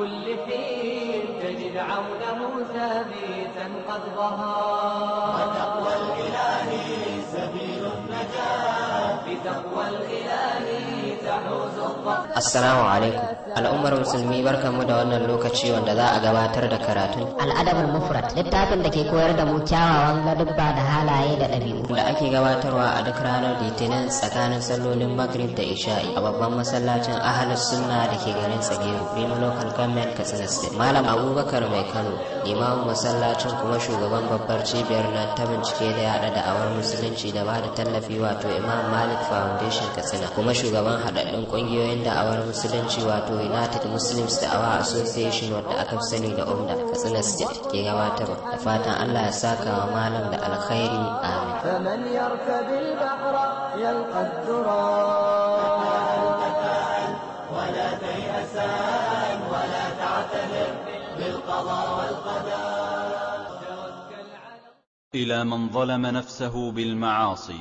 كل حين تجد عونه ثابتا قد ظهر Assalamu alaikum al'ummar musulmi mu da wannan lokaci wanda za a gabatar da karatun al'adabul mufrad littafin da ke koyar da mu kyawawan ladabba da halaye da ɗabi'u da ake gabatarwa a duk ranar litinin tsakanin sallolin maghrib da isha'i a babban masallacin ahlus sunna da ke garin Tsagero Rima local government Katsina State Malam Abubakar Mai Kano Imamu masallacin kuma shugaban babbar cibiyar na ta bincike da yaɗa da'awar musulunci da ba da tallafi wato Imam Malik Foundation Katsina kuma shugaban haɗaɗɗun ƙungiyoyin awar. da'awar musulunci wato united muslims da awa association wadda aka fi sani da umda katsina state ke gabatarwa da fatan allah ya saka wa malam da alkhairi amin إلى من ظلم نفسه بالمعاصي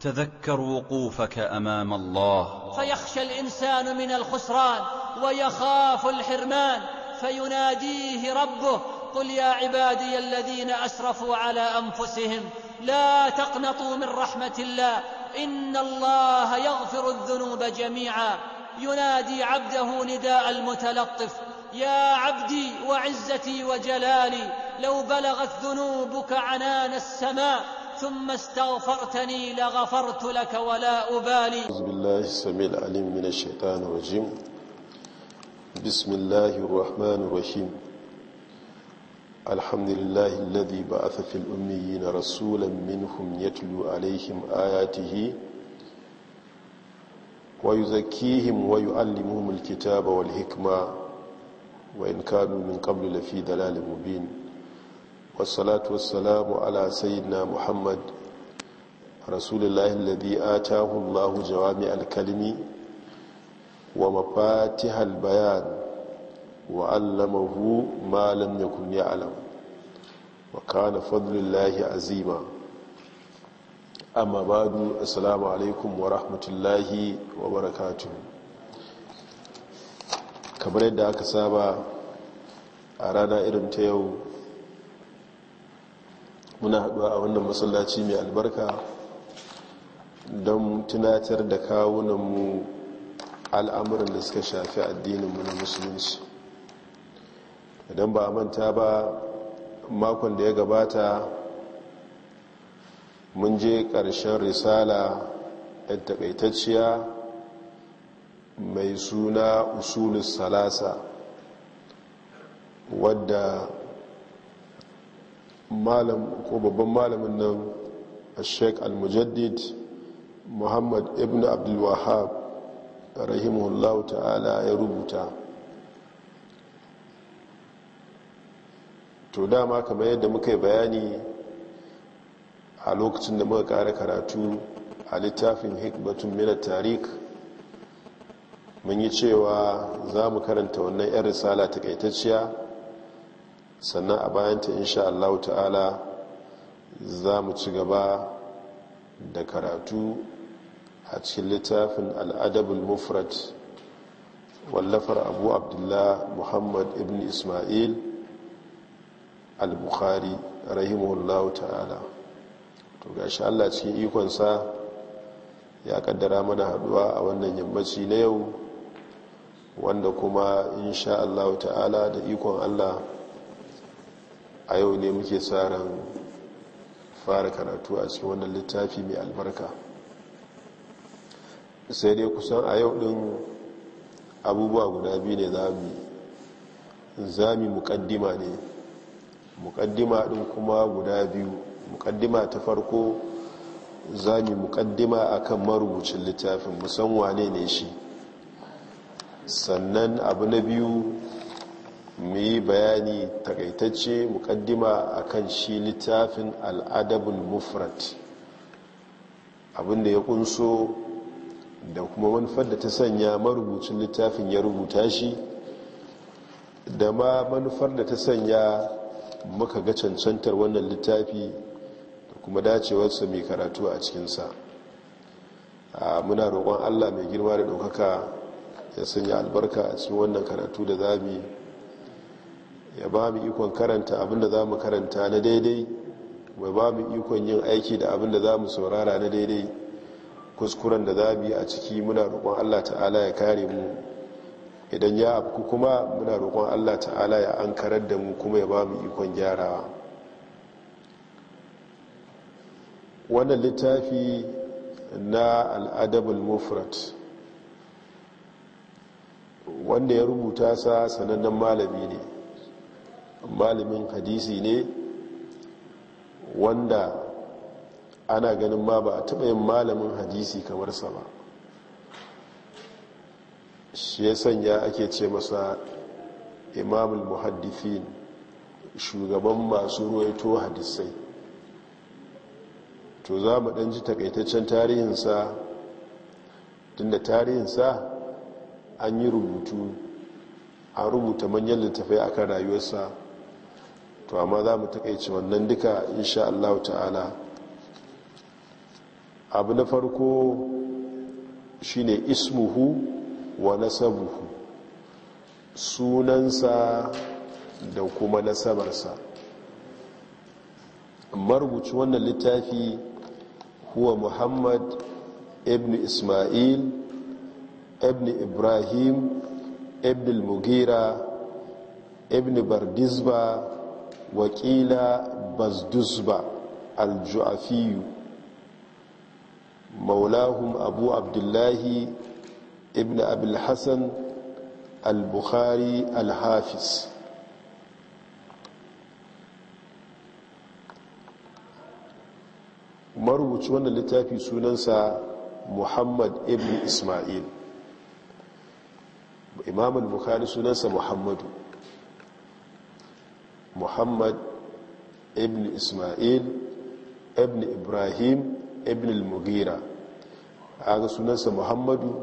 تذكر وقوفك أمام الله فيخشى الإنسان من الخسران ويخاف الحرمان فيناديه ربه قل يا عبادي الذين أسرفوا على أنفسهم لا تقنطوا من رحمة الله إن الله يغفر الذنوب جميعا ينادي عبده نداء المتلطف يا عبدي وعزتي وجلالي لو بلغت ذنوبك عنان السماء ثم استغفرتني لغفرت لك ولا أبالي أعوذ بالله السميع العليم من الشيطان الرجيم بسم الله الرحمن الرحيم الحمد لله الذي بعث في الأميين رسولا منهم يتلو عليهم آياته ويزكيهم ويعلمهم الكتاب والحكمة وإن كانوا من قبل لفي دلال مبين Wasalatu wasalamu ala sayyidina muhammad rasulullahi alladhi atahu allahu jawami alkalimi wa mafatihal bayan wa allamahu ma lam yakun ya'lam wa kana fadlullahi azima amma badu assalamu alaikum wa rahmatullahi wa barakatuh kamar yadda aka saba a rana irin ta yau muna haɗuwa a wannan masallaci mai albarka don tunatar da kawunanmu al'amuran da suka shafi addininmu na musulunci idan ba manta ba makon da ya gabata mun je ƙarshen risala ɗan taƙaitacciya mai suna usulus salasa wadda malam ko babban malamin nan sheik al-mujaddid muhammad ibn abdulwahab rahimahullah ta'ala ya rubuta to dama kamar yadda muka yi bayani a lokacin da muka kare karatu a littafin hikmatun mina tarik mun yi cewa za mu karanta wannan 'yan risala ta takaitacciya sannan a bayanta insha Allah ta'ala za mu ci gaba da karatu a cikin littafin al'adabul mufrat wallafar abu abdullah muhammad ibn ismail al-bukhari rahimahullahu ta'ala to gashi Allah cikin ikonsa ya kaddara mana haduwa a wannan yammaci na yau wanda kuma insha Allah ta'ala da ikon Allah a yau ne muke tsarin fara karatu a cikin wannan littafi mai albarka sai dai kusan a yau din abubuwa guda biyu ne zami muƙaddima ne muƙaddima din kuma guda biyu muƙaddima ta farko zami muƙaddima kan marubucin littafin musamman ne ne shi sannan abu na biyu mu yi bayani takaitacce mukaddima kan shi littafin al'adabul mufrat abinda ya kunso da kuma manufar da ta sanya marubucin littafin ya rubuta shi da ma manufar da ta sanya muka ga cancantar wannan littafi da kuma dacewarsa mai karatu a cikinsa a muna roƙon allah mai girma da ɗaukaka ya sanya albarka a cikin wannan karatu da zami ya ba mu ikon karanta abinda za mu karanta na daidai mai ba mu ikon yin aiki da abinda za mu saurara na daidai kuskuren da za mu yi a ciki muna roƙon allah ta'ala ya kare mu idan ya afku kuma muna roƙon allah ta'ala ya an karar da mu kuma ya ba mu ikon gyarawa wannan littafi na al'adabul mufrat wanda ya rubuta sa sanannen malami ne malamin hadisi ne wanda ana ganin ma ba a taɓa yin malamin hadisi kamar sa ba shi ya sanya ake ce masa imamul muhaddifin shugaban masu ruwaito hadisai to za mu ɗan ji takaitaccen tarihinsa tunda tarihinsa an yi rubutu a rubuta manyan littafai akan rayuwarsa to amma za mu takaici wannan duka insha Allah ta'ala abu na farko shine ismuhu wa nasabuhu sunansa da kuma nasabarsa marubuci wannan littafi huwa muhammad ibn ismail ibn ibrahim ibn mugira ibn bardizba wakila bazdusba aljuafiyu maulahum abu abdullahi ibn abulhassan al-bukhari al marubuci wannan littafi sunansa muhammad ibn ismail imam al-bukhari sunansa muhammadu muhammad ibn ismail ibn ibrahim ibn al-mughira aga sunansa muhammadu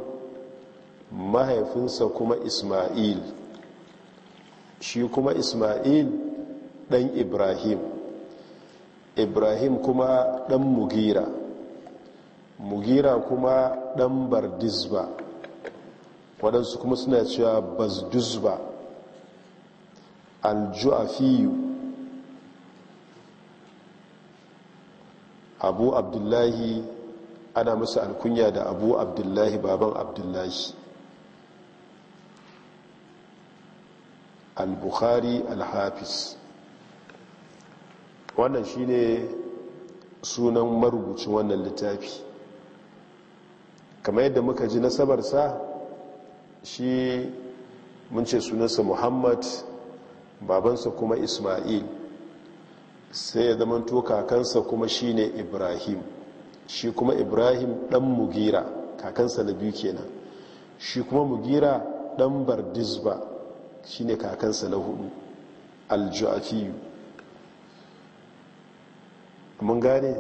mahaifinsa kuma ismail shi kuma ismail dan ibrahim ibrahim kuma dan mugira mugira kuma dan bardizba waɗansu kuma suna cewa bazduzba aljuafiyu abu abdullahi ana musu alkunya da abu abdullahi baban abdullahi al-bukhari al-hafiz wannan shine sunan marubucin wannan littafi kamar yadda muka ji nasabarsa shi mun ce sunansa muhammad babansa kuma isma'il sai ya zama kakansa kuma shine ibrahim shi kuma ibrahim dan mugira kakansa na biyu kenan shi kuma mugira dan bardizba shine kakansa na hudu aljuafiyu mun gane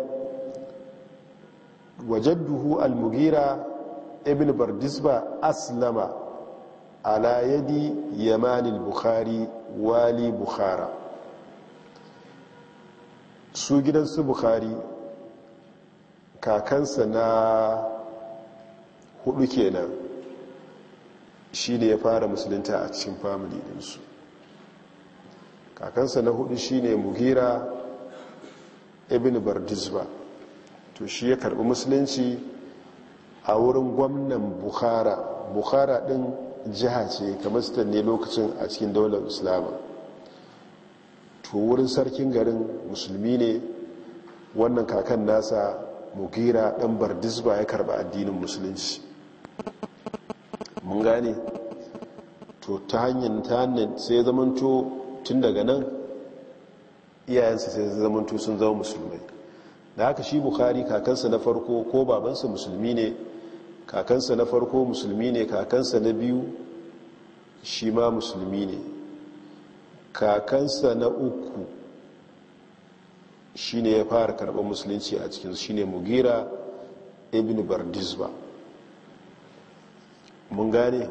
Wajen Al-mugira, ibn bardizba aslama ala yadi yamanil bukhari wali bukhara su gidansu bukhari kakansa na hudu kenan shi ne ya fara musulunta a cikin famili dinsu kakansa na hudu shi ne muhira ibn bardizba to shi ya karɓi musulunci a wurin gwamnan bukhara bukhara ɗin. jiha ce kamar su ne lokacin a cikin daular islamu to wurin sarkin garin musulmi ne wannan kakan nasa mugira dan bardisba ya karba addinin musulunci mun gane to ta hanyar ta sai zamanto tun daga nan iyayensa sai zamanto sun zama musulmai da haka shi bukari kakansa na farko ko babansa musulmi ne kakansa na farko musulmi ne kakansa na biyu shi ma musulmi ne kakansa na uku shi ne ya fara karɓar musulunci a cikin shi ne mugira ibn bardizba mun gane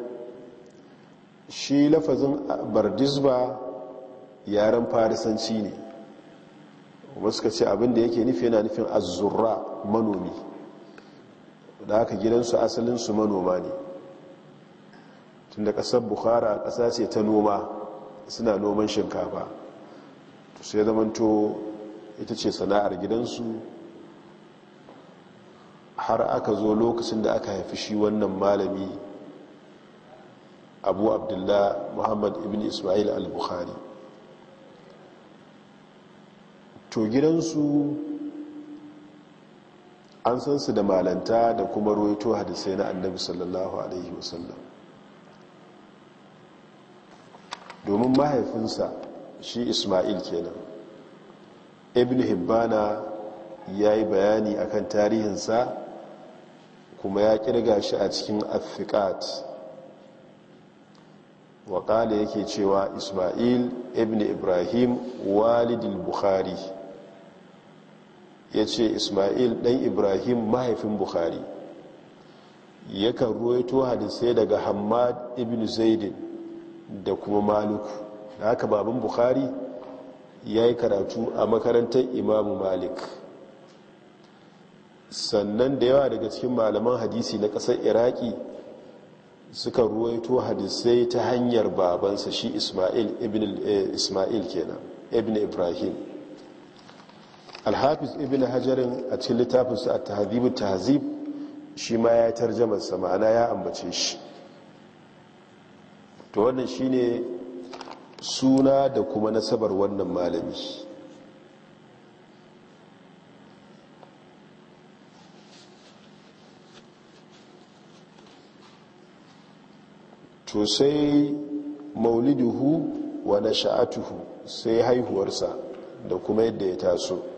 shi lafazin bardizba yaren farisanci ne wasu ka ce abinda yake nufi yana nufin azurra manomi da aka gidansu asalinsu manoma ne tun da ƙasar bukhara ƙasa ce ta noma suna noman shinkafa to sai zamanto ita ce sana'ar gidansu har aka zo lokacin da aka haifi shi wannan malami abu abdullah muhammad ibn ismail al-bukhari to gidansu an san su da malanta da kuma ruwaito hadisai na annabi sallallahu alaihi wasallam domin mahaifinsa shi ismail kenan ibn hibbana ya yi bayani akan tarihinsa kuma ya kirga shi a cikin afiqat waƙala yake cewa ismail ibn ibrahim walidil bukhari ya ce ismail ɗan ibrahim mahaifin bukhari yakan ruwaito hadisai daga hamad ibn zaidin da kuma maluku da haka babin bukhari ya yi karatu a makarantar imamu malik sannan da yawa daga cikin malaman hadisi na ƙasar iraki suka ruwaito hadisai ta hanyar babansa shi ismail eh, ismail kenan ibn ibrahim alhafiz ibn hajarin a cikin littafinsa a tahazibu tahazib shi ma ya tarjamarsa ma'ana ya ambace shi to wannan shi ne suna da kuma nasabar wannan malami to sai mauliduhu wa na sha'atuhu sai haihuwarsa da kuma yadda ya taso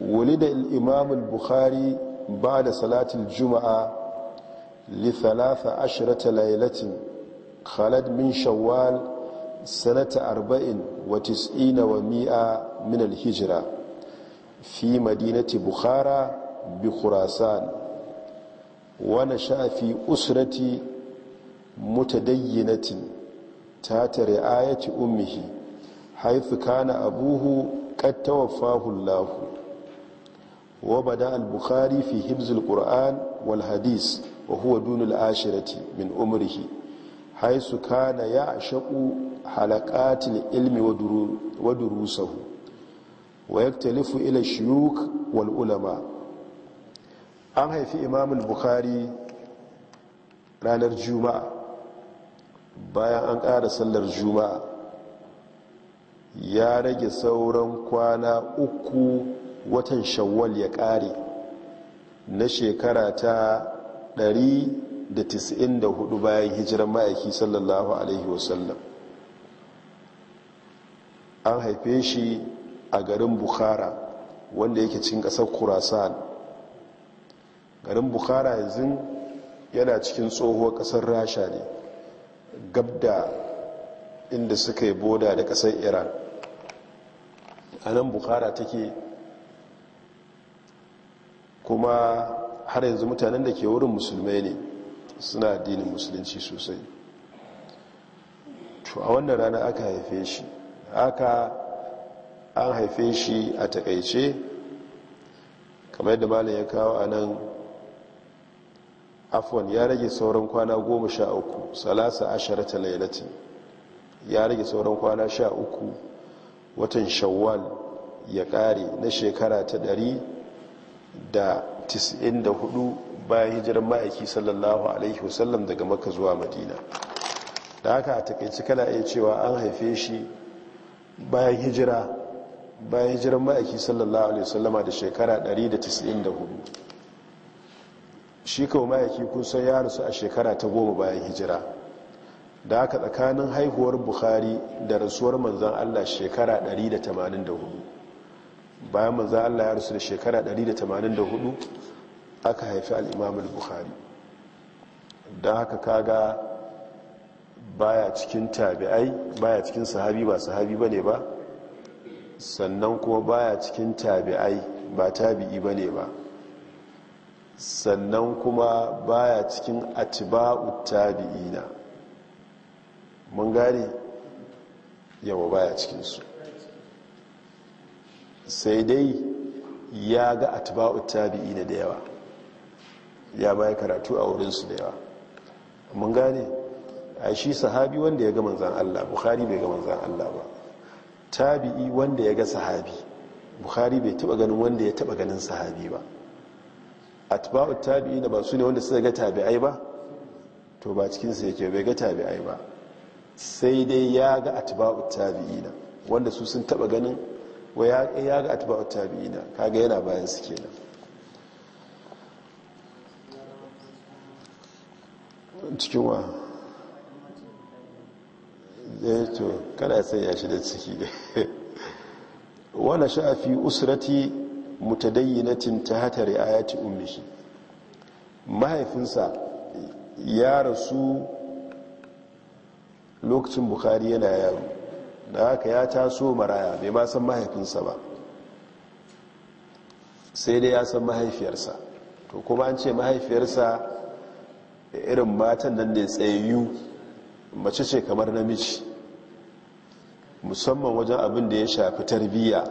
ولد الإمام البخاري بعد صلاة الجمعة لثلاث عشرة ليلة خلد من شوال سنة أربع وتسعين ومائة من الهجرة في مدينة بخارى بخراسان ونشأ في أسرة متدينة تات رعاية أمه حيث كان أبوه قد توفاه الله وبدا البخاري في حفظ القرآن والحديث وهو دون العاشرة من عمره حيث كان يعشق حلقات العلم ودروسه ويختلف إلى الشيوخ والعلماء an haifi imamul bukhari ranar juma'a bayan an ƙara sallar juma'a ya rage sauran kwana uku watan shawwal ya ƙare na shekara ta 194 bayan hijirar ma'aiki sallallahu alaihi wasallam an haife shi a garin bukhara wanda yake cikin ƙasar kurasan garin bukhara yanzu yana cikin tsohuwar ƙasar rasha ne gabda inda suka yi boda da ƙasar iran a nan bukhara take kuma har yanzu mutanen da ke wurin musulmai ne suna addinin musulunci sosai to a wannan rana aka haife shi aka an haife shi a takaice kamar yadda malam ya kawo a nan afon ya rage sauran kwana goma sha uku salasa ta lailatin ya rage sauran kwana sha uku watan shawwal ya kare na shekara ta ɗari da 94 bayan hijirar ma'aiki sallallahu alaihi wasallam daga maka zuwa madina da haka a takaici kana iya cewa an haife shi bayan hijira bayan hijirar ma'aiki sallallahu alaihi wasallama da shekara 194 shi kawo ma'aiki kusan ya rasu a shekara ta goma bayan hijira da haka tsakanin haihuwar bukhari da rasuwar manzan allah shekara 184 bayan manzan allah ya rasu da shekara 184 aka haifi al'imam al-bukhari don haka kaga baya cikin tabi'ai baya cikin sahabi ba sahabi ba ba sannan kuma baya cikin tabi'ai ba tabi'i ba ba sannan kuma baya cikin atiba'u tabi'ina mun gane yawa baya cikinsu sai dai ya ga atba'u tabi'i na da yawa ya baya karatu a wurinsu da yawa mun gane a shi sahabi wanda ya ga manzan Allah bukhari bai ga manzan Allah ba tabi'i wanda ya ga sahabi bukhari bai taba ganin wanda ya taba ganin sahabi ba atba'u tabi'i na ba su ne wanda suka ga tabi'ai ba to ba cikinsu yake bai ga tabi'ai ba sai dai ya ga atba'u tabi'i na wanda su sun taba ganin wai ya ga atba'u tabi'ina kaga yana bayan su kenan cikin wa zai eh to kada san shi da ciki da wani sha'afi usrati mutadayyinatin ta hata ri'ayati ummihi mahaifinsa ya rasu lokacin bukari yana yaro da haka ya taso maraya bai ma san mahaifinsa ba sai dai ya san mahaifiyarsa to kuma an ce mahaifiyarsa irin matan nan da ya tsayayyu mace ce kamar namiji musamman wajen abin da ya shafi tarbiyya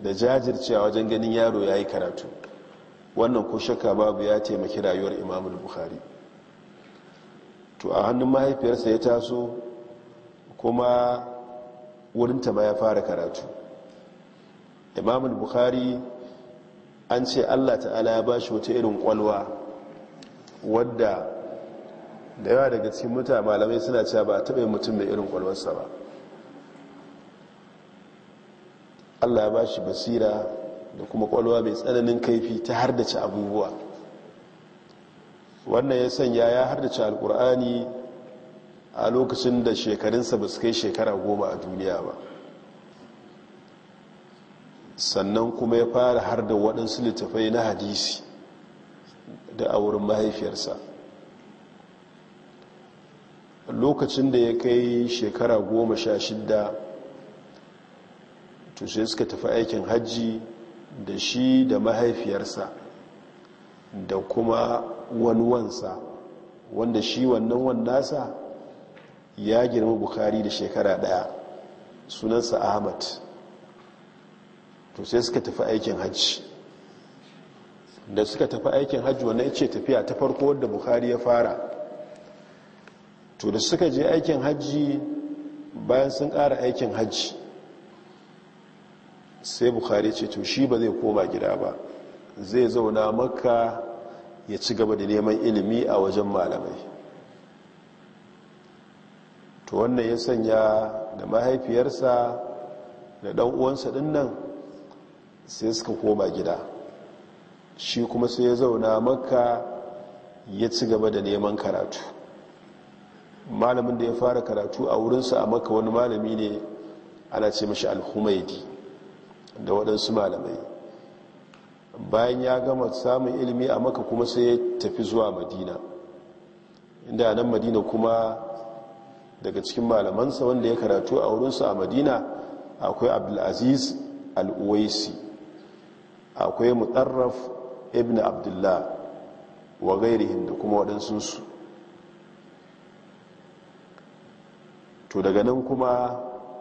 da jajircewa wajen ganin yaro ya yi karatu wannan ko shakka babu ya taimaki rayuwar imamul bukhari to a hannun mahaifiyarsa ya taso kuma wurinta ma ya fara karatu imamul bukhari an ce allah ta'ala ya ba shi wata irin kwalwa wadda da yawa daga cikin mutane malamai suna cewa ba a taɓa mutum da irin kwalwarsa ba allah ya ba shi basira da kuma kwalwa mai tsananin kaifi ta har ci abubuwa wannan ya sanya ya har da ci alkur'ani a lokacin da shekarunsa ba su kai shekara goma a duniya ba sannan kuma ya fara har da waɗansu littafai na hadisi da a wurin mahaifiyarsa lokacin da ya kai shekara goma sha shidda to suka tafi aikin hajji da shi da mahaifiyarsa da kuma wani wansa wanda shi wannan nasa. ya girma bukari da shekara daya sunansa ahmad to sai suka tafi aikin hajji da suka tafi aikin hajji wannan ce tafiya ta farko wadda bukari ya fara to da suka je aikin hajji bayan sun ƙara aikin hajji sai bukari ce to shi ba zai koma gida ba zai zauna maka ya ci gaba da neman ilimi a wajen malamai to wannan ya sanya da mahaifiyarsa da ɗan uwansa din nan sai suka koma gida shi kuma sai ya zauna makka ya ci gaba da neman karatu malamin da ya fara karatu a wurinsa a makka wani malami ne ana ce mashi alhumaidi da waɗansu malamai bayan ya gama samun ilimi a maka kuma sai ya tafi zuwa madina inda nan madina kuma daga cikin malamansa wanda ya karatu a wurinsa a madina akwai abdulaziz al'uwaisi akwai mutarraf ibn abdullah wa gairihin da kuma waɗansunsu to daga nan kuma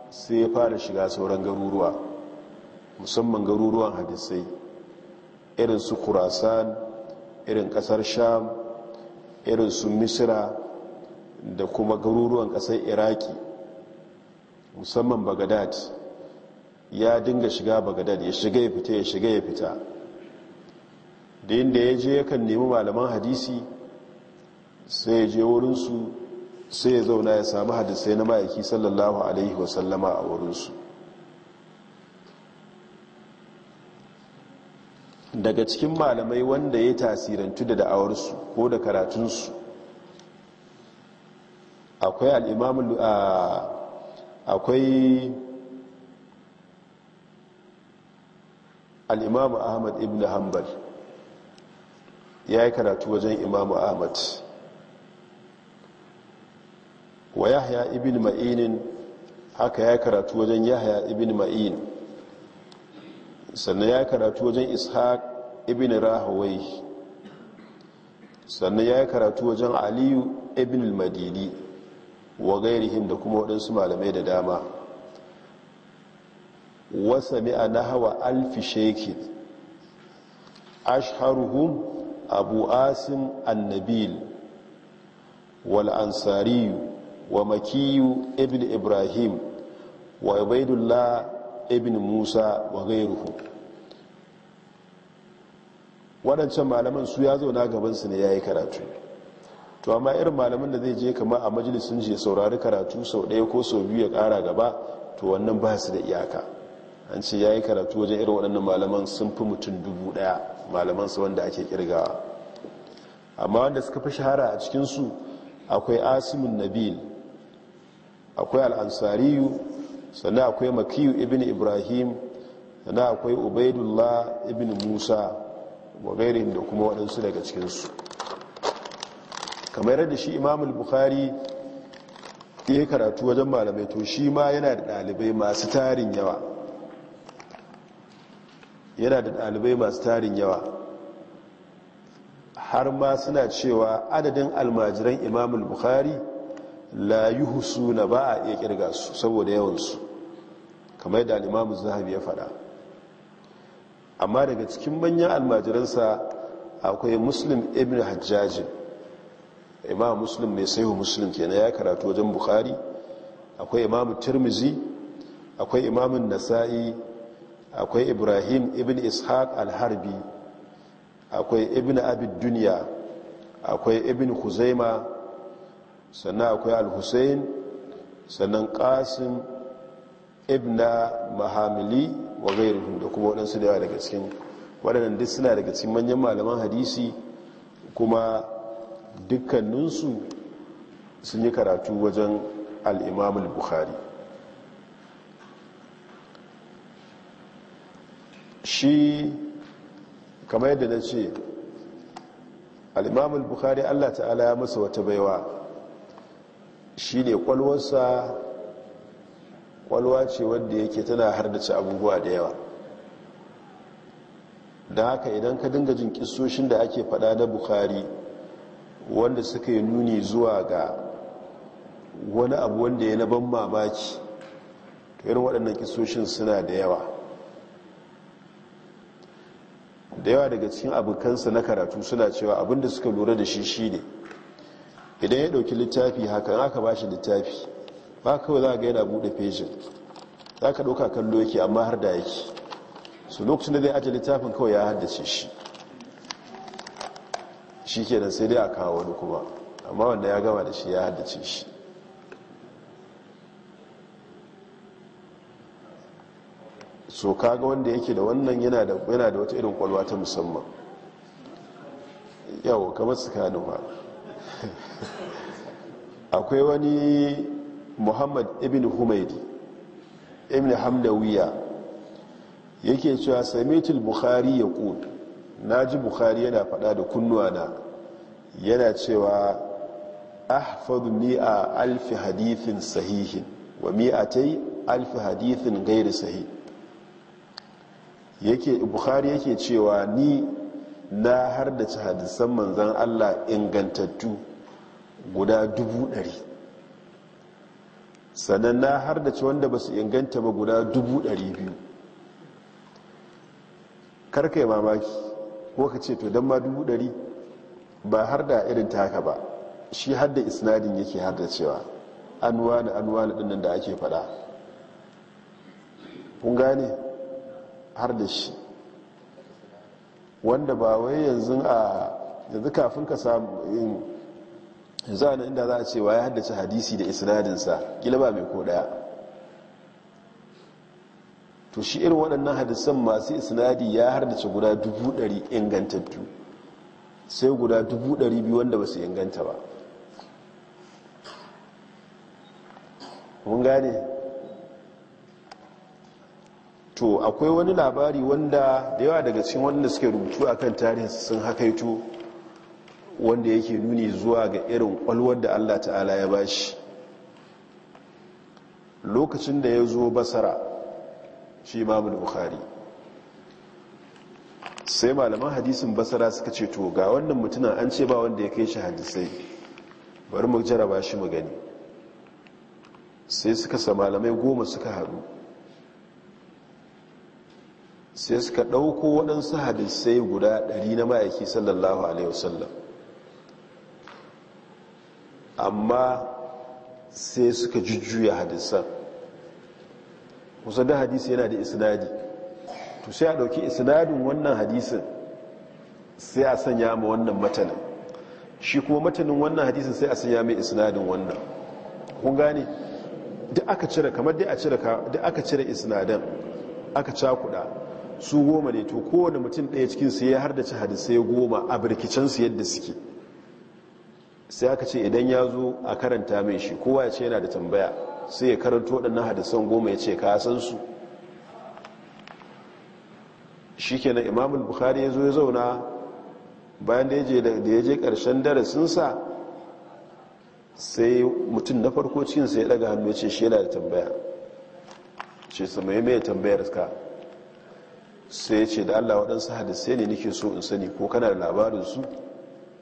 sai ya fara shiga sauran garuruwa musamman garuruwan hadisai irin su kurasan irin kasar sham irin su misira da kuma garuruwan kasar iraki musamman bagadad ya dinga shiga bagadad ya shiga ya fita ya shiga ya fita da inda ya je yakan nemi malaman hadisi sai ya je wurinsu sai ya zauna ya sami hadisai na ma'aiki sallallahu alaihi wasallama a wurinsu daga cikin malamai wanda ya tasirantu da da'awarsu ko da karatunsu akwai al'imamun akwai al'imamu ahmad ibn hanbal ya yi karatu wajen imamu ahmad wa yahya ibn ma'inin haka ya yi karatu wajen yahya ibn ma'in sannan ya yi karatu wajen ishaq ibn rahawai sannan ya yi karatu wajen aliyu ibn madini wa gairihin da kuma waɗansu malamai da dama wasa mi'a na hawa alfi shekin ashharuhum abu asim annabil wal ansariyu wa makiyu ibn ibrahim wa ibaidullah ibn musa wa gairuhu waɗancan malaman su ya na gabansu ne ya yi karatu to amma irin malamin da zai je kama a majalisun je saurari karatu sau ɗaya ko sau biyu ya ƙara gaba to wannan ba su da iyaka an ce ya yi karatu wajen irin waɗannan malaman sun fi mutum dubu ɗaya malaman su wanda ake ƙirgawa amma wanda suka fi shahara a cikinsu akwai asimin nabil akwai al'ansariyu sannan akwai makiyu ibn ibrahim sannan akwai ubaidullah ibn musa wa gairin da kuma waɗansu daga cikinsu kamar yadda shi imamul bukhari ya karatu wajen malamai to shi ma yana da ɗalibai masu tarin yawa yana da dalibai masu tarin yawa har ma suna cewa adadin almajiran imamul bukhari la yi husuna ba a iya kirga su saboda yawansu kamar yadda al'imamu zahabi ya faɗa amma daga cikin manyan almajiransa akwai muslim ibn hajjajin imam muslim mai sayo muslim kenan ya karatu wajen bukhari akwai imam tirmizi akwai imam nasa'i akwai ibrahim ibn ishaq al-harbi akwai ibn abid duniya akwai ibn huzaima sannan akwai al sannan qasim ibn mahamili wa gairuhu da kuma waɗansu da yawa daga cikin waɗannan duk suna daga cikin manyan malaman hadisi kuma dukkaninsu sun yi karatu wajen al'imamul bukhari shi kamar yadda na ce al'imamul bukhari allah ta'ala ya masa wata baiwa shi ne kwalwarsa kwalwa ce wanda yake tana hardace abubuwa da yawa da haka idan ka dinga jin kisoshin da ake fada na buhari wanda suka yi nuni zuwa ga wani abu wanda ya na ban mamaki irin waɗannan kisoshin suna da yawa da yawa daga cikin kansa na karatu suna cewa abinda suka lura da shi shi ne idan ya ɗauki littafi haka aka ba shi littafi ba kawai za ga yana buɗe fejin za ka ɗauka kallo yake amma har da yake su lokacin da zai ajiye littafin kawai ya haddace shi shi kenan sai dai a kawo wani kuma amma wanda ya gama da shi ya haddace shi so kaga wanda yake da wannan yana da wata irin kwalwa ta musamman yawo kamar su kanu ba akwai wani muhammad ibn humaidi ibn hamdawiya yake cewa samitul bukhari ya ƙudu na ji bukari yana faɗa da kunnuwa na yana cewa ahfadu mi'a alfi hadithin sahihin wa yi alfi hadithin gairi sahi. yake yake cewa ni na har da ci hadisan manzan allah ingantattu guda dubu dari sannan na har da ci wanda ba su inganta ba guda dubu dari biyu karkai mamaki ko ka ce to don ma dubu dari ba har da irin ta haka ba shi har da isnadin yake har da cewa an wani an wani dinnan da ake faɗa kun gane har da shi wanda ba wai yanzu a yanzu kafin ka samu yin yanzu a inda za a ce wa ya haddace hadisi da isnadinsa gila ba mai ko ɗaya to shi irin waɗannan hadisan masu isnadi ya hardace guda dubu ingantattu sai guda dubu wanda ba su inganta ba mun gane to akwai wani labari wanda da yawa daga cikin wanda suke rubutu akan tarihin sun hakaito wanda yake nuni zuwa ga irin kwalwar da allah ta'ala ya bashi lokacin da ya zo basara shi imamul bukhari sai malaman hadisin basara suka ce to ga wannan mutuna an ce ba wanda ya kai shi hadisai bari mu jaraba shi mu gani sai suka sa malamai goma suka haɗu sai suka ɗauko waɗansu hadisai guda ɗari na ma'aiki sallallahu alaihi wasallam amma sai suka jujjuya hadisan kusa da hadisi yana da isnadi to sai a ɗauki isnadin wannan hadisin sai a sanya ma wannan matanin shi kuma matanin wannan hadisin sai a sanya mai isnadin wannan kun gane duk aka cire kamar dai a cire duk aka cire isnadan aka cakuda su goma ne to kowane mutum ɗaya cikin su ya har da ci hadisai goma a birkicen su yadda suke sai aka ce idan ya zo a karanta mai shi kowa ya ce yana da tambaya sai ya karanto waɗannan hadisan goma ya ce kasan su shi kenan imamul bukhari ya zo ya zauna bayan da ya je ƙarshen darasinsa sai mutum na farko cinsa ya ɗaga hannu ya ce shi yana da tambaya ce su ya mai tambayar ka sai ya ce da allah waɗansu hadisai ne nake so in sani ko kana da labarinsu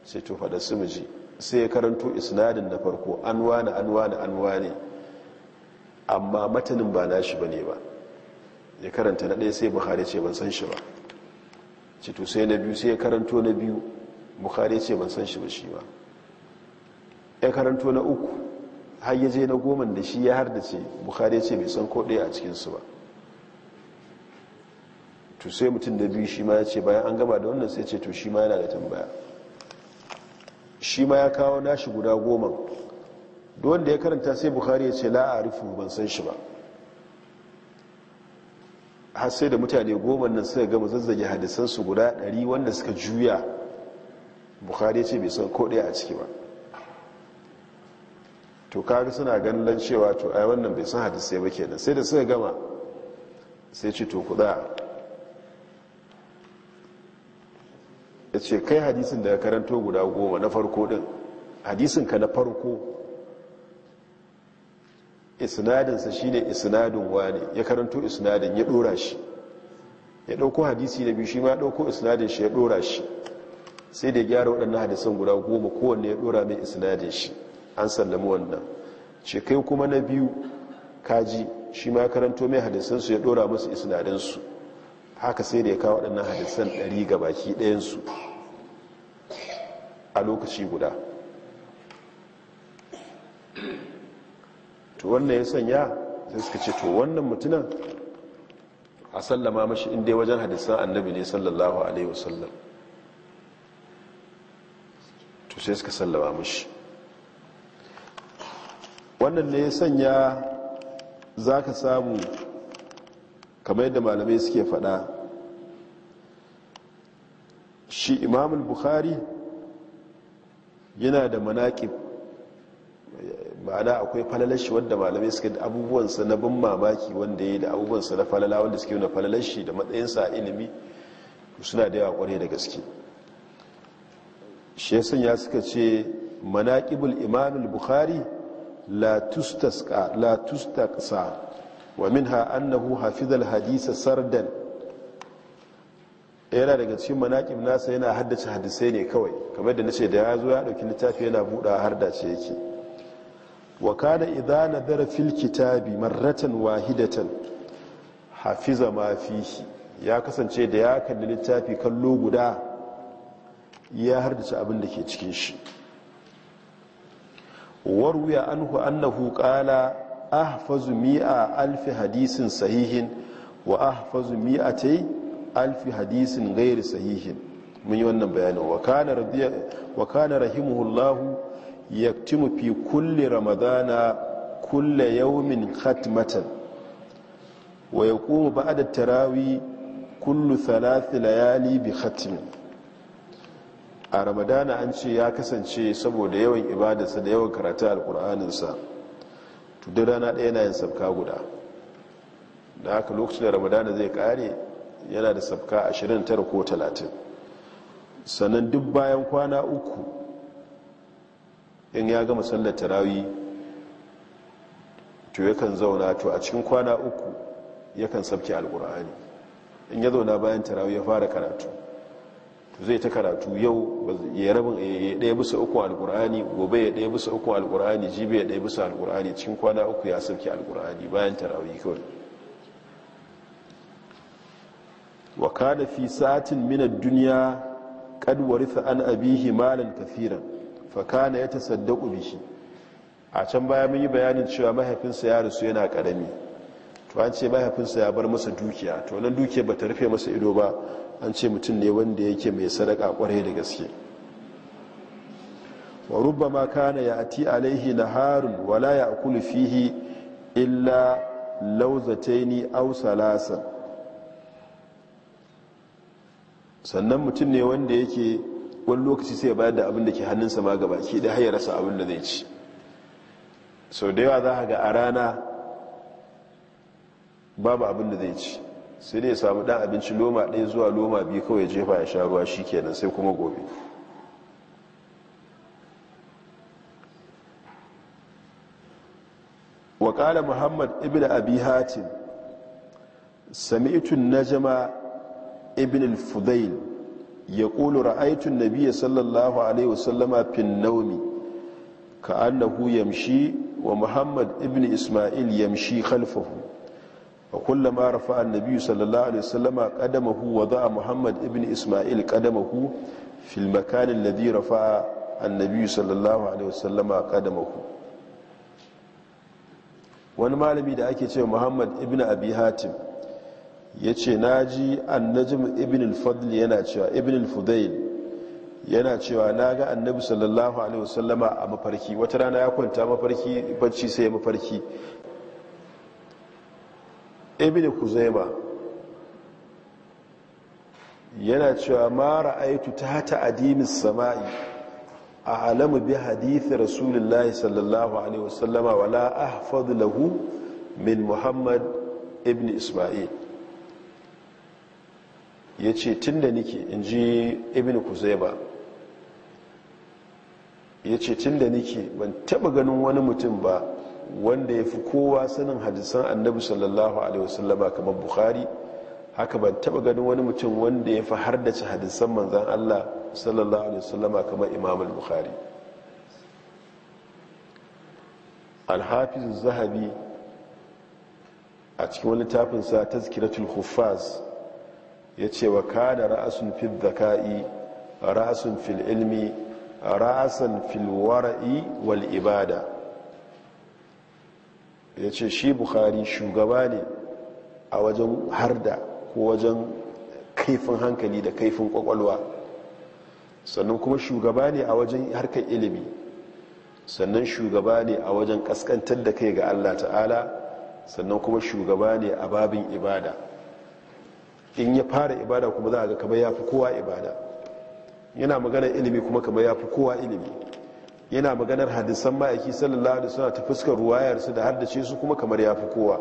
sai to faɗa su miji sai ya karanto isnadin na farko an wane an wane an wane amma matanin ba nashi ba ne ba ya karanta na ɗaya sai buhari ce ban san shi ba cito sai na biyu sai ya karanto na biyu buhari ce ban san shi ba shi ba ya karanto na uku har ya je na goman da shi ya har da ce buhari ce bai san ko ɗaya a cikinsu ba to sai mutum da biyu shi ma ya ce bayan an gaba da wannan sai ce to shi ma yana da tambaya shi ma ya kawo nashi guda goma da wanda ya karanta sai bukhari ya ce la'arifu ban san shi ba har sai da mutane goma nan suka gama zazzage hadisansu guda 100 wanda suka juya bukhari ya ce bai san ko a ciki ba to kari suna ganin cewa to ai wannan bai san hadisai ba kenan sai da suka gama sai ce to kuda ya ce kai hadisin da ya karanto guda goma na farko din hadisinka na farko isnadinsa shi ne isnadin wane ya karanto isnadin ya ɗora shi ya ɗauko hadisi na biyu shi ma ɗauko isnadin shi ya ɗora shi sai da gyara waɗannan hadisan guda goma kowanne ya ɗora mai isnadin shi an sallami wannan ce kai kuma na biyu kaji shi ma karanto mai hadisansu ya ɗora musu isnadinsu haka sai da ya kawo waɗannan hadisan ɗari ga baki ɗayansu a lokaci guda to wannan ya sanya sai suka ce to wannan mutunan a sallama mashi inda wajen hadisan annabi ne sallallahu alaihi wasallam to sai suka sallama mashi wannan ne ya sanya za ka samu kamar yadda malamai suke fada shi imamul bukhari yana da manaƙib ma'ana akwai falalashi wadda malamai suke da abubuwansa na bin mamaki wanda ya yi da abubuwansa na falala wanda suke na falalashi da matsayinsa a ilimi suna da yawa kwarai da gaske shi ya suka ce manaƙibul imanul bukhari la tustaqsa wa ha annahu hafizal hadisa sardan eh, yana daga cikin manaƙib nasa yana haddace hadisai ne kawai kamar da na ce da ya zo ya ɗauki littafi yana buɗa har dace yake wa kana idza nadara fil kitabi marratan wahidatan hafiza ma fihi ya kasance da ya kalli littafi kallo guda ya hardace abin da ke cikin shi warwiya anhu annahu qala ahfazu a alfi hadisin sahihin wa ahfazu a alfi hadisin ghairi sahihin mun yi wannan bayanin wa kana rahimuhullahu yaktimu fi kulli ramadana kulla yawmin khatmatan wa yaqumu ba'da tarawi kullu thalath layali bi khatmin a ramadana an ce ya kasance saboda yawan ibadarsa da yawan karatu alkur'aninsa to duk rana ɗaya yana yin sabka guda da haka lokacin da ramadana zai kare yana da sabka 29 ko 30 sannan duk bayan kwana uku in ya gama sallar tarawi to yakan zauna to a cikin kwana uku yakan sabke alkur'ani in ya zauna bayan tarawi ya fara karatu to zai ta karatu yau ya rabin ya ɗaya bisa uku alkur'ani gobe ya ɗaya bisa uku alkur'ani jibe ya ɗaya bisa alkur'ani cikin kwana uku ya sabke alkur'ani bayan tarawi kawai wa kana fi sa'atin min duniya dunya qad waritha an abihi malan kathiran fakana ya tasaddaku biki a can baya mun yi bayanin cewa mahaifinsa ya rasu yana ƙarami to an ce mahaifinsa ya bar masa dukiya to nan dukiya ba ta rufe masa ido ba an ce mutum ne wanda yake mai sadaka kwarai da gaske wa ma kana ati alaihi na harin wala ya kulu fihi illa lauzataini au salasa sannan mutum ne wanda yake wani lokaci sai ya bayar da abin da ke hannunsa ma gaba ke da ya rasa abin da zai ci sau da yawa za a ga a rana babu abin da zai ci sai ne ya samu ɗan abinci loma ɗaya zuwa loma biyu kawai jefa ya sha ruwa shi kenan sai kuma gobe waƙala muhammad ibn abi hatim na najama ibn al-fudail ya ƙulu ra'aitun nabiya sallallahu alaihi wasallama fin naumi ka annahu yamshi wa muhammad ibn ismail yamshi khalfahu wa kullama rafa'a annabi sallallahu alaihi wasallama qadamahu wa da'a muhammad ibn ismail qadamahu fil makan alladhi rafa'a annabi sallallahu alaihi wasallama qadamahu wani malami da ake wa muhammad ibn abi hatim ya ce na ji annajim ibn al-fadl yana cewa ibn al-fudail yana cewa na ga annabi sallallahu alaihi wasallama a mafarki wata rana ya kwanta mafarki bacci sai ya mafarki ibn kuzaima yana cewa ma ra'aitu ta ta'adimis sama'i a alamu bi hadithi rasulullahi sallallahu alaihi wasallama wala ahfadhu lahu min muhammad ibn isma'il ya ce tun da nike in ji ibn kuzaiba ya ce tun da nike ban taba ganin wani mutum ba wanda ya fi kowa sanin hadisan annabi sallallahu alaihi wasallama kamar bukhari haka ban taba ganin wani mutum wanda ya fi hardace hadisan manzan allah sallallahu alaihi wasallama kamar imam al-bukhari zahabi a cikin wani tafinsa tazkiratul huffaz ya ce wa kada ra'asun fil zaka'i ra'asun fil ilmi ra'asun fil wara'i wal ibada ya ce shi bukhari shugaba ne a wajen harda ko wajen kaifin hankali da kaifin kwakwalwa sannan kuma shugaba ne a wajen harkar ilimi sannan shugaba ne a wajen kaskantar da kai ga allah ta'ala sannan kuma shugaba ne a babin ibada in ya fara ibada kuma za a ga kamar ya fi kowa ibada yana maganar ilimi kuma kamar ya fi kowa ilimi yana maganar hadisan ma'aiki sallallahu alaihi suna ta fuskar ruwayarsu da haddace su kuma kamar ya fi kowa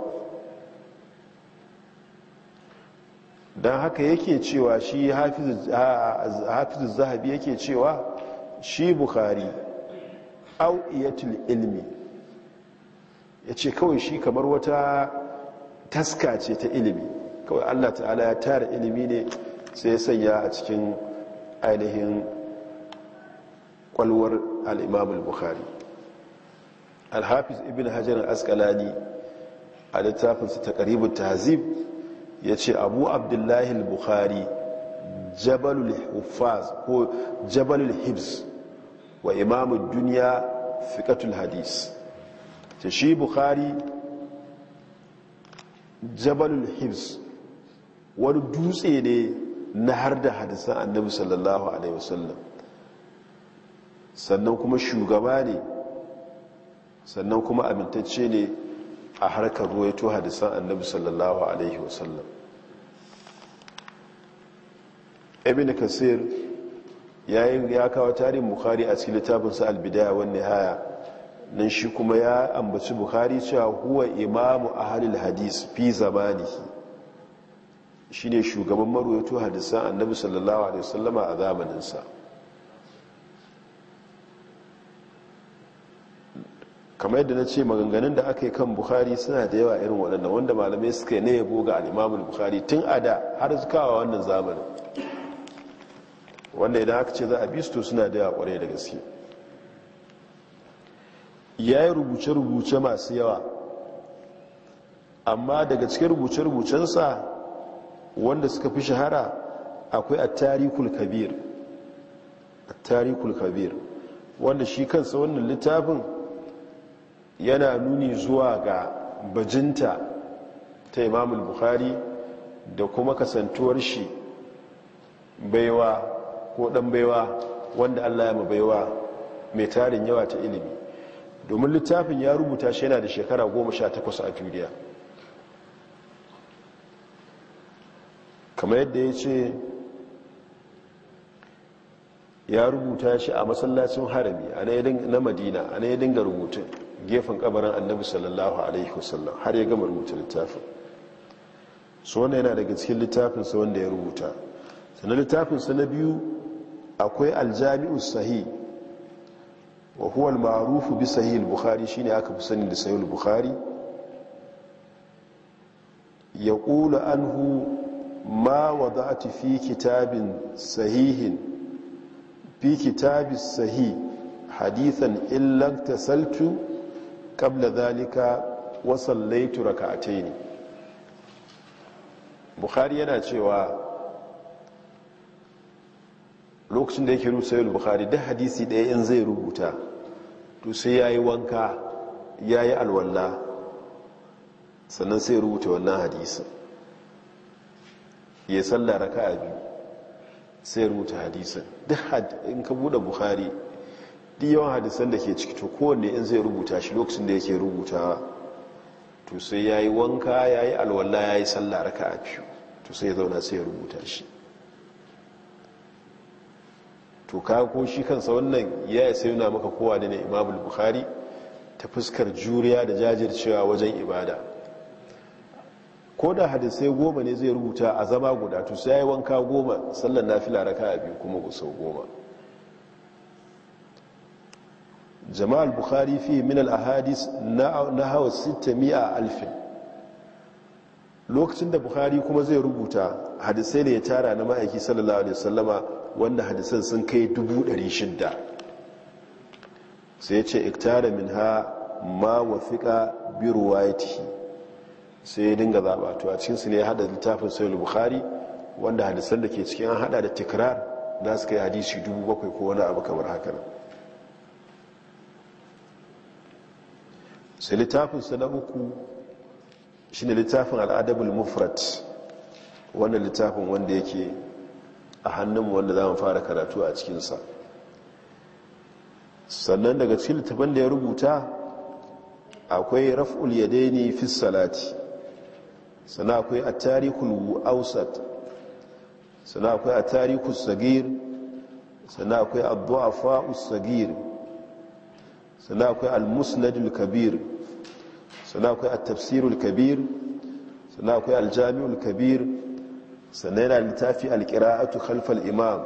don haka yake cewa shi hafiz zahabi yake cewa shi bukari au'iyatul ilmi ya ce kawai shi kamar wata taska ce ta ilimi kawai allah ta'ala ya tara ilimi ne sai ya sanya a cikin ainihin kwalwar al'imamul bukhari alhafiz ibn hajjar askalani a littafinsa ta karibin tahzib ya ce abu abdullahi bukhari jabalul hufaz ko jabalul hibs wa imamun duniya fiƙatul hadis ta shi bukhari jabalul hibs wani dutse ne na har da hadisan annabi sallallahu alaihi wasallam sannan kuma shugaba ne sannan kuma amintacce ne a harkar ruwaito hadisan annabi sallallahu alaihi wasallam ibn kasir yayin ya kawo tarihin bukhari a cikin littafin littafinsa albidaya wani haya nan shi kuma ya ambaci bukhari cewa huwa imamu ahalil hadis fi zamanihi shine shugaban marwayato hadisan annabi sallallahu alaihi wasallama a zamaninsa kamar yadda na ce maganganun da aka yi kan bukhari suna da yawa irin waɗanda wanda malamai suka yi na yabo ga al'imamun bukhari tun a da har zukawa wannan zamanin wanda idan aka ce za a bisto suna da yawa ƙwarai da gaske ya yi rubuce-rubuce masu yawa amma daga cikin rubuce-rubucensa wanda suka fi shahara akwai attarikul kabir kabir wanda shi kansa wannan littafin yana nuni zuwa ga bajinta ta imamul bukhari da kuma kasantuwar shi baiwa ko dan baiwa wanda allah ya baiwa mai tarin yawa ta ilimi domin littafin ya rubuta shi yana da shekara 18 a duniya kamar yadda ya ce ya rubuta shi a masallacin harami na madina a na dinga rubutun gefen kabarin annabi sallallahu alaihi wasallam har ya gama rubuta littafin su wanda yana daga cikin littafinsa wanda ya rubuta sannan littafinsa na biyu akwai aljami'u sahi wa huwa al-ma'rufu bi sahih al-bukhari shine aka fi sani da sahih al-bukhari yaqulu anhu ma wada'ati fi kitabin sahihin fi kitabis sahih hadithan illan tasaltu qabla dhalika wa sallaitu rak'atayn bukhari yana cewa lokacin da yake rusa yau bukhari duk hadisi ɗaya in zai rubuta to sai ya yi wanka ya yi alwallah sannan sai rubuta wannan hadisin. ya salla a biyu sai rubuta hadisan duk in ka bude buhari duk yawan hadisan da ke ciki to kowanne in zai rubuta shi lokacin da yake rubutawa to sai ya yi wanka ya yayi alwala yayi salla a biyu to sai ya zauna sai ya rubuta shi to ka ko shi kansa wannan ya sai yana maka kowa da ne imamul buhari ta fuskar juriya da jajircewa wajen ibada ko da hadisai goma ne zai rubuta a zama guda to sai wanka goma sallan nafila raka a biyu kuma sau goma jama'al bukhari fi min al-ahadis na hawa 600 alfin lokacin da bukhari kuma zai rubuta hadisai da ya tara na ma'aiki sallallahu alaihi wasallama wanda hadisan sun kai dubu shida. sai ya ce iktara min ha ma wafiƙa bi ruwayatihi sai ya dinga zaba to a cikinsu ne ya haɗa littafin sai bukhari wanda hadisan da ke cikin an hada da tikrar za su kai hadisi dubu bakwai ko wani abu kamar haka nan sai littafinsa na uku shi ne littafin al'adabul mufrat wannan littafin wanda yake a hannunmu wanda za mu fara karatu a cikinsa sannan daga cikin littafin da ya rubuta akwai raf'ul yadaini fi salati sana akwai a tarihul ausat sana akwai a tarihul sagir sana akwai addu'a fa'us sagir sana akwai al-musnadul kabir sana akwai a tafsirul kabir sana akwai aljami'ul kabir sana yana littafi alƙira'atu khalfal imam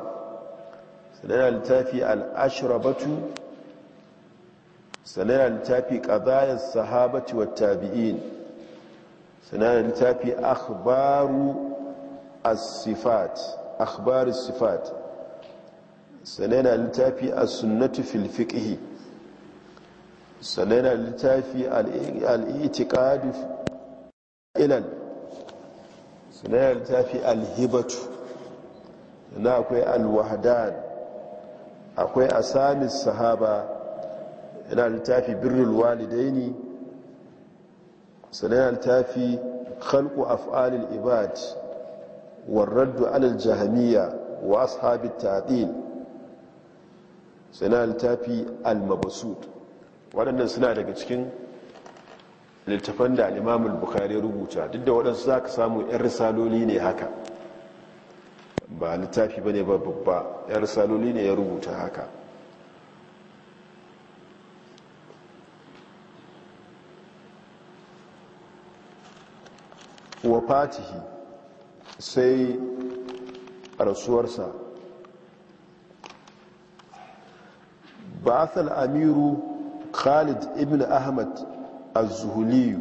sana yana littafi al'ashirabatu sana yana littafi ƙazayar sahabati wa tabi'in suna littafi akhbaru as-sifat akhbaru as-sifat suna da littafi as-sunnatu fil fiqh suna littafi al-i'tiqad ilal suna da littafi al-hibatu na akwai al-wahdan akwai asalis sahaba yana littafi birrul walidaini sanayar littafi khalqu af'alil ibad warraddu alal jahmiya wa ashabit ta'dil sanayar littafi al-mabsut waɗannan suna daga cikin littafan da al-imam bukhari rubuta duk da waɗansu zaka samu yan risaloli ne haka ba littafi bane ba babba yan risaloli ne ya rubuta haka wa fatihi sai rasuwarsa ba'athal amiru khalid ibn ahmad az-zuhuli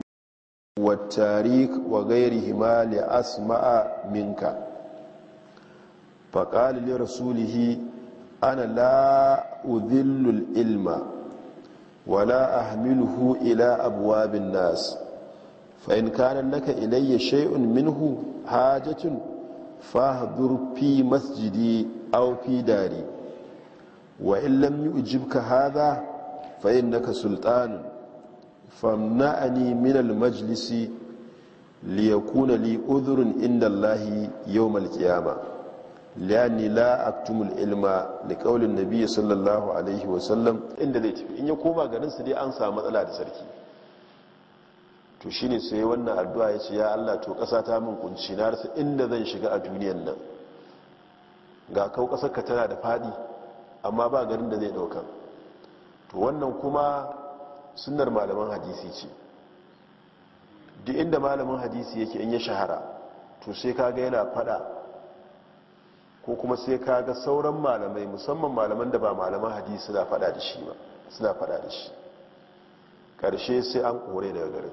wa tariq wa ma li asma'a minka faqala li rasulihi ana la udhillu al-ilma wa la ahmiluhu ila abwabin nas fa'in kanan naka ilayya shay'un minhu hajatun fahdur fi masjidi aw fi dari wa in lam yu'jibka hadha fa innaka sultanun famna'ani min al-majlisi liyakuna li udhrun inda Allahi yawm al-qiyamah li'anni la ilma da an-nabi sallallahu alaihi wa inda zai in ya koma garin su dai an samu matsala da sarki to shi ne sai wannan addu'a ya ce ya Allah to ƙasa ta min kunci na rasa inda zan shiga a duniyan nan ga kau ƙasar ka tana da faɗi amma ba garin da zai ɗauka to wannan kuma sunnar malaman hadisi ce duk inda malamin hadisi yake in ya shahara to sai kaga yana faɗa ko kuma sai kaga sauran malamai musamman malaman da ba malaman hadisi suna faɗa da shi ba suna faɗa da shi ƙarshe sai an kore daga garin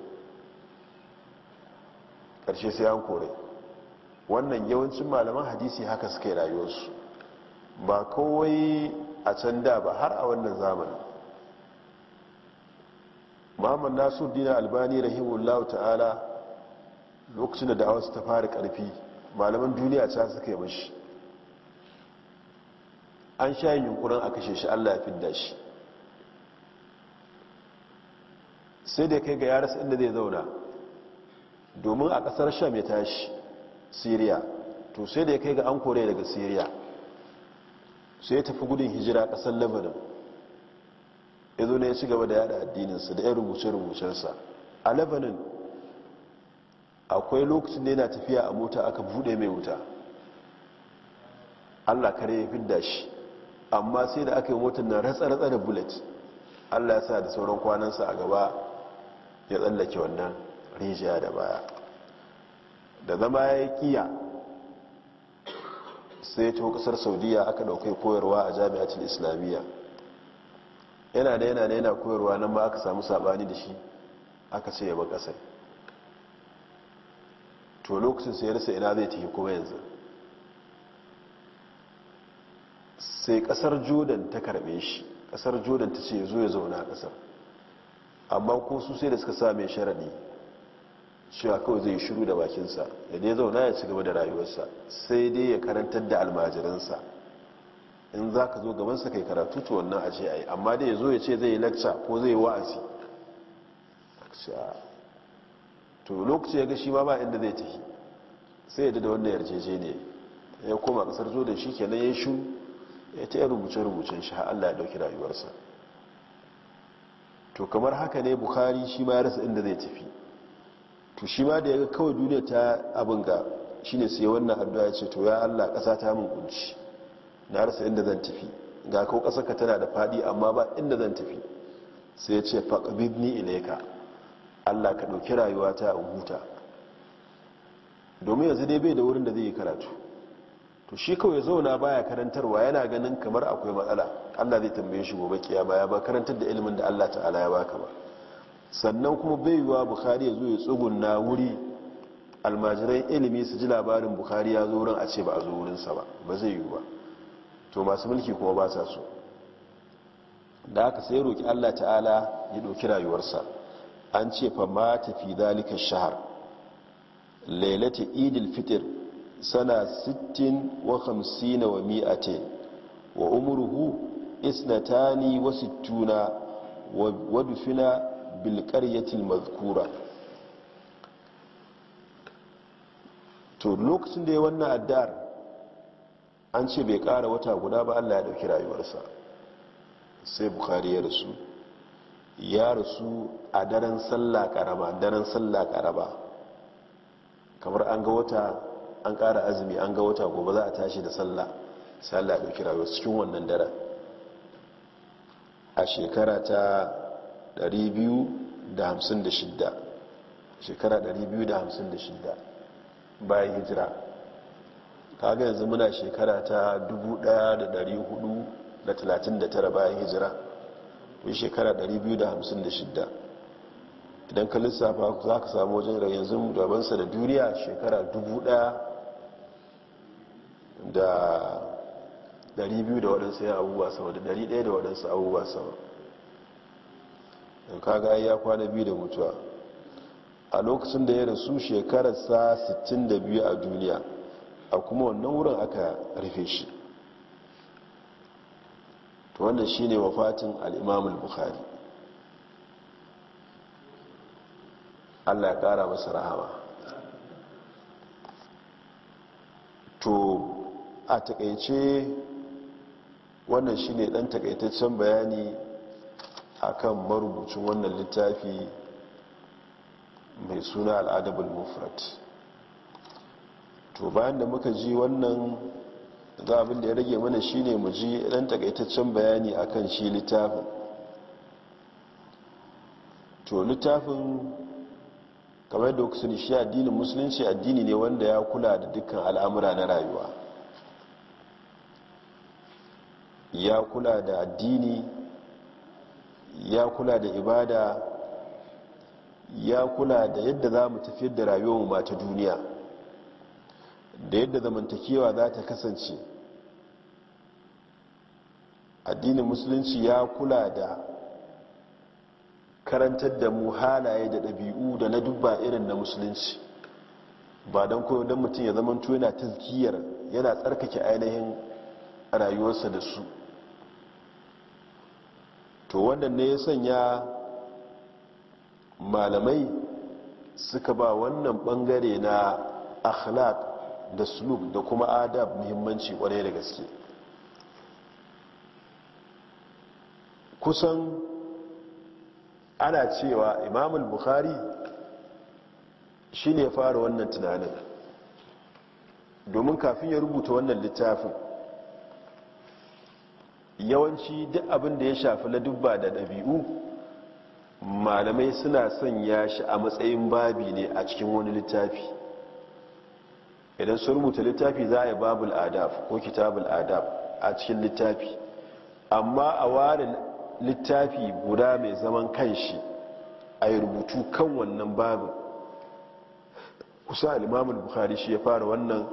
ƙarshe sai an kore wannan yawancin malaman hadisi haka suka yi rayuwarsu ba kawai a can da ba har a wannan zamani muhammad nasir dina albani rahimullahu ta'ala lokacin da da'awarsa ta fara karfi malaman duniya ta suka yi mashi an sha yin yunkurin a kashe shi allah ya fidda shi sai da kai ga yaras inda zai zauna domin a kasar sham ya tashi Siriya to sai da ya kai ga an kore daga Siriya. sai ya tafi gudun hijira kasar lebanon ya zo ne ya ci gaba da yada addininsa da ya rubuce-rubucensa a lebanon akwai lokacin da yana tafiya a mota aka bude mai wuta allah kare ya fidda shi amma sai da aka yi motar na ratsa-ratsa da bullet allah ya sa da sauran kwanansa a gaba ya tsallake wannan rijiya da baya da zama ya kiya sai ta kasar saudiya aka daukai koyarwa a jami'acin islamiyya yana da yana da yana koyarwa nan ba aka samu sabani da shi aka ce yaba kasai to lokacin sai rasa ina zai tafi kuma yanzu sai kasar jordan ta karbe shi kasar jordan ta ce zo ya zauna a kasar amma ko su sai da suka same sharaɗi cewa kawai zai shiru da bakinsa da dai zauna ya ci gaba da rayuwarsa sai dai ya karantar da almajiransa in za ka zo gabansa kai karatu ta wannan a ce a yi amma dai ya zo ya ce zai yi lakca ko zai yi wa'azi to lokaci ya ga shi ma ba inda zai tafi sai ya da wannan ne ya koma kasar zo da shi kenan ya shu ya ta rubuce-rubucen shi har Allah ya dauki rayuwarsa to kamar haka ne Bukhari shi ma ya rasa inda zai tafi to shi ma da ya ga kawai duniya ta abin ga shi ne sai wannan addu'a ya ce to ya allah ƙasa ta mun kunci na rasa inda zan tafi ga ƙasar ka tana da faɗi amma ba inda zan tafi sai ya ce ni ilaika allah ka ɗauki ta a huta domin yanzu dai bai da wurin da zai yi karatu to shi kawai zauna baya karantarwa yana ganin kamar akwai matsala allah zai tambaye shi gobe kiyama ya ba karantar da ilimin da allah ta'ala ya baka ba sannan kuma baiwa bukhari ya zo ya tsugunna wuri almajirai ilimi su ji labarin bukhari ya zo wurin a ce ba a zo wurinsa ba ba zai yiwu ba to masu mulki kuma ba sa so da aka sai roƙi allah ta'ala ya ɗauki rayuwarsa an ce fa ma tafi zalika shahar lailata idil fitir sana 60 wa 50 wa mi'ate wa umruhu isnatani wa tuna wa dufina bilkaryatil mazkura to lokacin da ya wannan addar an ce bai kara wata guda ba allah ya dauki rayuwarsa sai bukhari ya rasu ya rasu a daren sallah karama daren sallah karama kamar an ga wata an kara azumi an ga wata gobe za a tashi da sallah sai allah ya dauki rayuwarsa cikin wannan daren a shekara ta 256 bayan hijira kaga yanzu muna shekara ta 1439 bayan hijira to shekara 256 idan ka lissafa za ka samu wajen da yanzu dabansa da duniya shekara 1200 da 200 da waɗansu abubuwa sama da 100 da waɗansu abubuwa sama in kaga ya kwana biyu da mutuwa a lokacin da ya rasu shekararsa 62 a duniya a kuma wannan wurin aka rufe shi to wanda shi wafatin wa fatin bukhari Allah ya kara masa rahama to a takaice wannan shi ne dan takaitaccen bayani akan marubucin wannan littafi mai suna al'adabal mufrat to bayan da muka ji wannan za da ya rage mana shine mu ji ɗan takaitaccen bayani akan shi littafin to littafin kamar da kusa shi addinin musulunci addini ne wanda ya kula da dukkan al'amura na rayuwa ya kula da addini ya kula da ibada ya kula da yadda za mu tafiyar da rayuwar mu ta duniya da yadda zamantakewa za ta kasance addinin musulunci ya kula da karantar da mu halaye da ɗabi'u da na dubba irin na musulunci ba don koyo don mutum ya zamanto yana tazkiyar yana tsarkake ainihin rayuwarsa da su to wannan ne ya sanya malamai suka ba wannan bangare na akhlaq da suluk da kuma adab muhimmanci kwarai da gaske kusan ana cewa imamul bukhari shi ne fara wannan tunanin domin kafin ya rubuta wannan littafin yawanci duk abin da ya shafi ladubba da ɗabi'u malamai suna sanya shi a matsayin babi ne a cikin wani littafi idan su rubuta littafi za a yi babul adab ko kitabul adab a cikin littafi amma a ware littafi guda mai zaman kanshi a yi rubutu kan wannan babin kusa alimamun bukhari shi ya fara wannan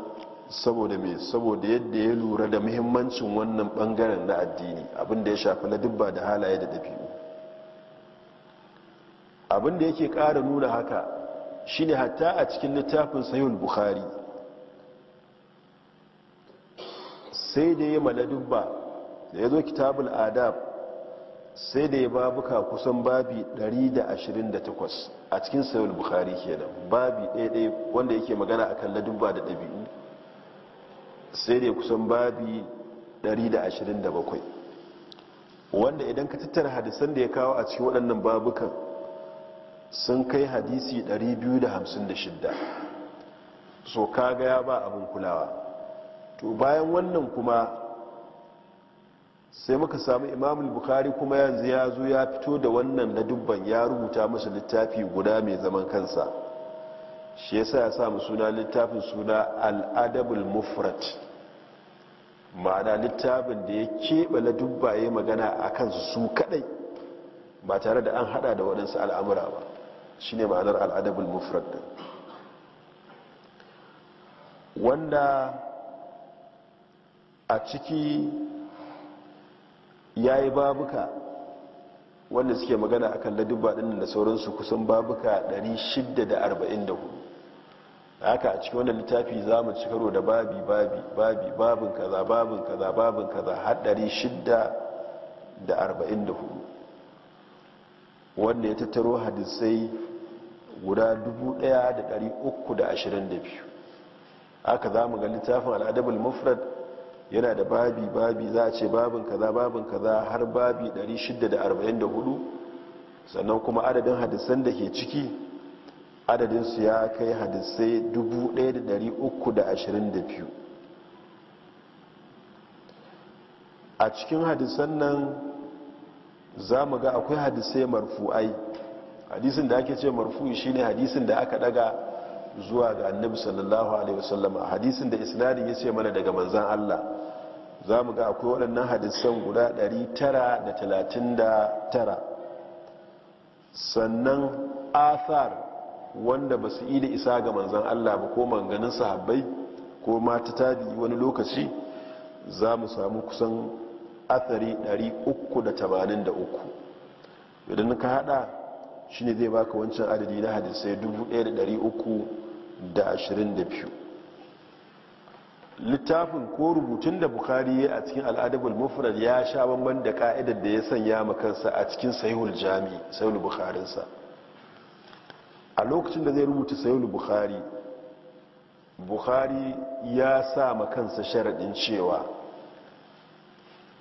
saboda mai saboda yadda ya lura da muhimmancin wannan bangaren na addini abinda ya shafi na dubba da halaye da dabi'u abinda yake ƙara nuna haka shine hatta a cikin littafin sayul bukhari sai da ya mala dubba da ya zo kitabul adab sai da ya babuka kusan babi 128 a cikin sayul bukhari kenan babi ɗaya wanda yake magana akan ladubba da ɗabi'u sai ne kusan babi 127 wanda idan ka tattara hadisan da ya kawo a cikin waɗannan babukan sun kai hadisi 256 so kaga ya ba abin kulawa to bayan wannan kuma sai muka samu imamul bukari kuma yanzu ya zo ya fito da wannan na dubban ya rubuta masa littafi guda mai zaman kansa shi yasa ya samu suna littafin suna al'adabul mufrat ma'ana littafin da ya keɓe ladubbaye magana a kansu su kaɗai ba tare da an haɗa da waɗansu al'amura ba shi ne ma'anar al'adabul mufrat da wanda a ciki ya yi babuka wanda suke magana akan ladubba ɗin da sauransu kusan babuka 644 haka a cikin wannan littafi za mu ci karo da babi babi babi babin kaza babin kaza babin kaza haɗari shidda da arba'in da hudu wanda ya tattaro hadisai guda dubu ɗaya da ɗari uku da ashirin da biyu haka za mu ga littafin al'adabul mufrad yana da babi babi za a ce babin kaza babin kaza har babi ɗari shidda da arba'in da hudu sannan kuma adadin hadisan da ke ciki adadinsu ya kai hadisai 1322 a cikin hadisan nan za mu ga akwai hadisai marfu'ai hadisin da ake ce marfu'i shine hadisin da aka daga zuwa ga annabi sallallahu alaihi wasallama hadisin da isnadin ya ce mana daga manzan Allah za mu ga akwai waɗannan hadisan guda 939 sannan athar wanda ba su yi da isa ga manzan Allah ba ko manganin sahabbai ko mata tabi wani lokaci za mu samu kusan athari 383 idan ka hada shi ne zai baka wancan adadi na hadisai 1322 littafin ko rubutun da bukari ya a cikin al'adabul mufrad ya sha bamban da ka'idar da ya sanya makansa a cikin sahihul jami sahihul bukarinsa a lokacin da zai rubuta sayulu buhari bukhari ya sa kansa sharaɗin cewa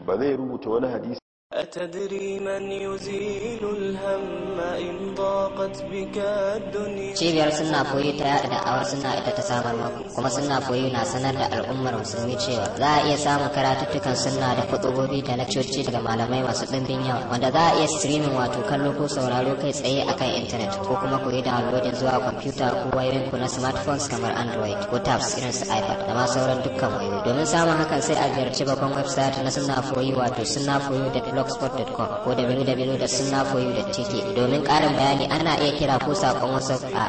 ba zai rubuta wani hadisi أتدري من يزيل الهم إن ضاقت بك الدنيا cibiyar suna koyi ta yada da'awar suna ita ta samar mako, kuma suna na sanar da al'ummar musulmi cewa za a iya samun karatuttukan suna da kutubobi da na coci daga malamai masu ɗimbin yawa wanda za a iya streaming wato kallo ko sauraro kai tsaye akan intanet ko kuma koyi da downloading zuwa kwamfuta ko wayoyin ku na smartphones kamar android ko tabs irin su ipad da ma sauran dukkan wayoyi domin samun hakan sai a ziyarci babban website na suna wato suna koyi da blogspot.com ko www.sunnafoyu.tk domin ƙarin bayani ana iya kira ko saƙon wasu a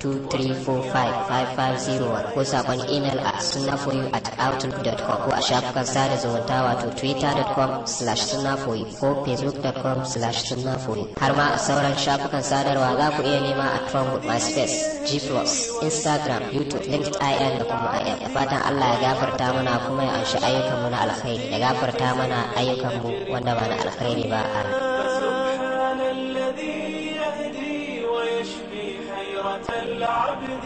09023455501 ko saƙon email a sunnafoyu at outlook.com ko a shafukan sada zumunta wato twitter.com slash sunnafoyu ko facebook.com slash sunnafoyu har ma a sauran shafukan sadarwa za ku iya nema a Trumpet MySpace, gplus Instagram, YouTube, LinkedIn da kuma IM. fatan Allah ya gafarta mana kuma ya anshi ayyukanmu na alkhairi, ya gafarta mana ayyukan الله ونبع على خير ما أعلم فسبحان الذي يهدي ويشفي حيرة العبد